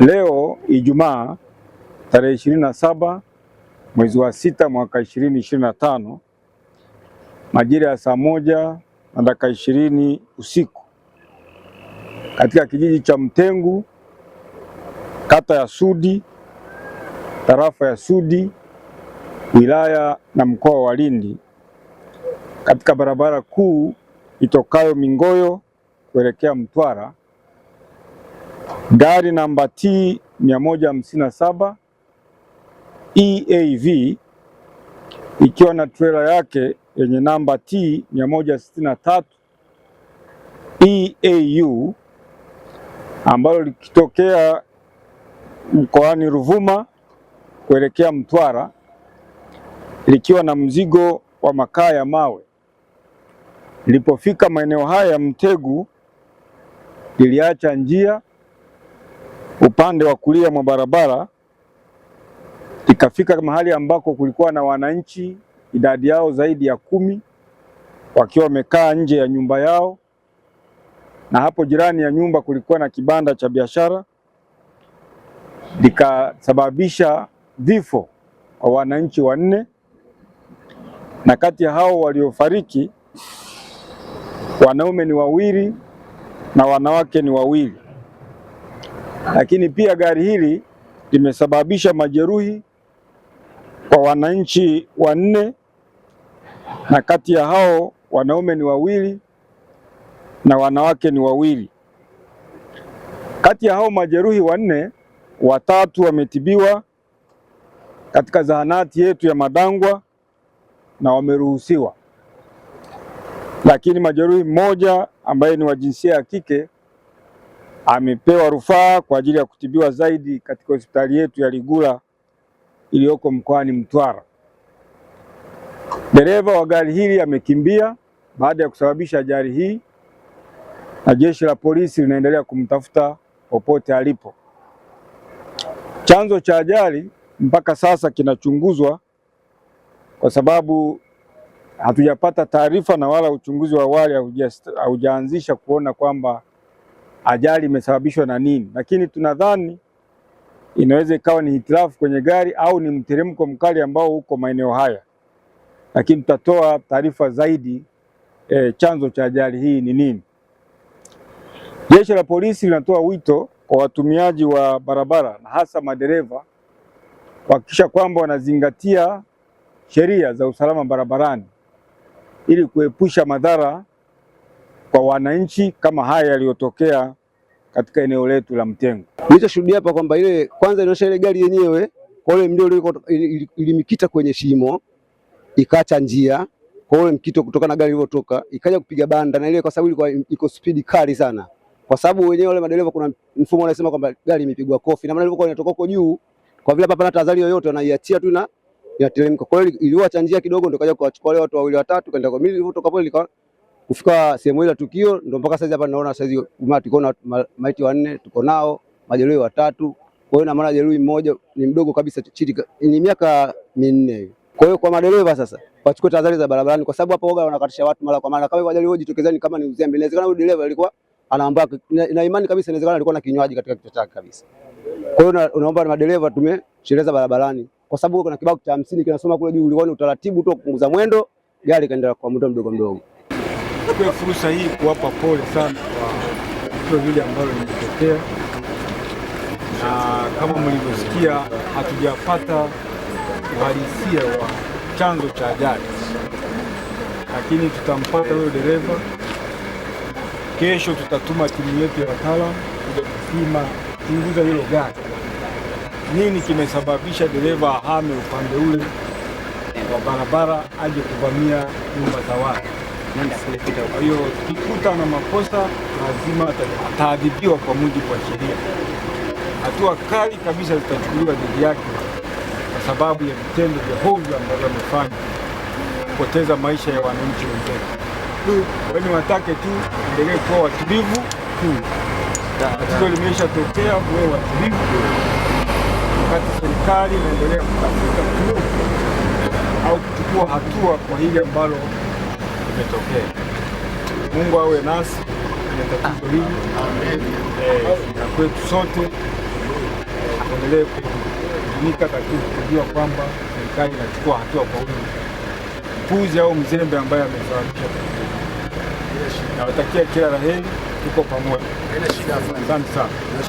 Leo Ijumaa tarehe ishirini na saba mwezi wa sita mwaka ishirini ishirini na tano majira ya saa moja na dakika ishirini usiku katika kijiji cha Mtengu kata ya Sudi tarafa ya Sudi wilaya na mkoa wa Lindi katika barabara kuu itokayo Mingoyo kuelekea Mtwara Gari namba T 157 EAV ikiwa na trela yake yenye namba T 163 EAU ambalo likitokea mkoani Ruvuma kuelekea Mtwara likiwa na mzigo wa makaa ya mawe. Lilipofika maeneo haya ya Mtegu liliacha njia upande wa kulia mwa barabara ikafika mahali ambako kulikuwa na wananchi idadi yao zaidi ya kumi wakiwa wamekaa nje ya nyumba yao, na hapo jirani ya nyumba kulikuwa na kibanda cha biashara, likasababisha vifo kwa wananchi wanne, na kati ya hao waliofariki wanaume ni wawili na wanawake ni wawili. Lakini pia gari hili limesababisha majeruhi kwa wananchi wanne, na kati ya hao wanaume ni wawili na wanawake ni wawili. Kati ya hao majeruhi wanne, watatu wametibiwa katika zahanati yetu ya Madangwa na wameruhusiwa, lakini majeruhi mmoja ambaye ni wa jinsia ya kike amepewa rufaa kwa ajili ya kutibiwa zaidi katika hospitali yetu ya Ligula iliyoko mkoani Mtwara. Dereva wa gari hili amekimbia baada ya kusababisha ajali hii na jeshi la polisi linaendelea kumtafuta popote alipo. Chanzo cha ajali mpaka sasa kinachunguzwa kwa sababu hatujapata taarifa na wala uchunguzi wa awali haujaanzisha kuona kwamba ajali imesababishwa na nini, lakini tunadhani inaweza ikawa ni hitilafu kwenye gari au ni mteremko mkali ambao uko maeneo haya, lakini tutatoa taarifa zaidi e, chanzo cha ajali hii ni nini. Jeshi la polisi linatoa wito kwa watumiaji wa barabara na hasa madereva kuhakikisha kwamba wanazingatia sheria za usalama barabarani ili kuepusha madhara kwa wananchi kama haya yaliyotokea katika eneo letu la Mtengo. Nilichoshuhudia hapa kwamba ile kwanza inaonyesha ile gari yenyewe kwa ule mlio ilimikita kwenye shimo ikaacha njia kwa ule mkito kutoka na gari lililotoka ikaja kupiga banda na ile kwa sababu ilikuwa iko speed kali sana. Kwa sababu wenyewe wale madereva kuna mfumo unasema kwamba gari imepigwa kofi na maana ilikuwa inatoka huko juu kwa vile hapa pana tahadhari yoyote wanaiachia tu na inateremka. Kwa hiyo iliwacha njia kidogo ndio kaja kuwachukua wale watu wawili watatu kaenda kwa mimi ilivyotoka pale kufika sehemu ile tukio ndio mpaka sasa hapa naona sasa umati kuna maiti wanne tuko nao, majeruhi watatu. Kwa hiyo na maana jeruhi mmoja ni mdogo kabisa chini ni miaka minne Kwa hiyo kwa madereva sasa wachukue tahadhari za barabarani kwa sababu hapo woga wanakatisha watu mara kwa mara. Kama wajali wao jitokezeni kama ni uzembe. Inawezekana huyo dereva alikuwa anaomba na imani kabisa inawezekana alikuwa na kinywaji katika kichwa chake kabisa. Kwa hiyo unaomba na madereva tume tumeshereza barabarani kwa sababu kuna kibao cha 50 kinasoma kule juu, uliona utaratibu tu kupunguza mwendo, gari kaendelea kwa muda mdogo mdogo. Kwa fursa hii kuwapa pole sana kwa tukio hili ambalo limetokea, na kama mlivyosikia, hatujapata uhalisia wa chanzo cha ajali, lakini tutampata huyo dereva kesho. Tutatuma timu yetu ya wataalamu kuja kupima, kuchunguza hilo gari, nini kimesababisha dereva ahame upande ule wa barabara aje kuvamia nyumba za watu nenda kule pita. Kwa hiyo kikuta na makosa lazima ataadhibiwa kwa mujibu wa sheria. Hatua kali kabisa zitachukuliwa dhidi yake kwa sababu ya vitendo vya hovyo ambavyo amefanya kupoteza maisha ya wananchi wenzetu. Kwani watake tu endelee kuwa watulivu tu, limeisha tokea kuwe watulivu wakati serikali inaendelea kutafuta au kuchukua hatua kwa hili ambalo kimetokea. Mungu awe nasi kwenye tatizo hili eh, na kwetu sote, tuendelee kutumika katika kujua kwamba serikali inachukua hatua kwa huyu mpuzi au mzembe ambaye amesababisha tatizo. Nawatakia kila la heri, tuko pamoja. Asante sana.